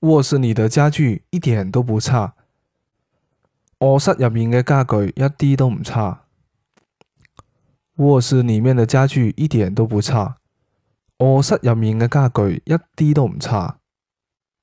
臥室裏的家具一點都不差，臥室入面嘅家具一啲都唔差。臥室裏面嘅家具一點都不差，臥室入面嘅家具一啲都唔差。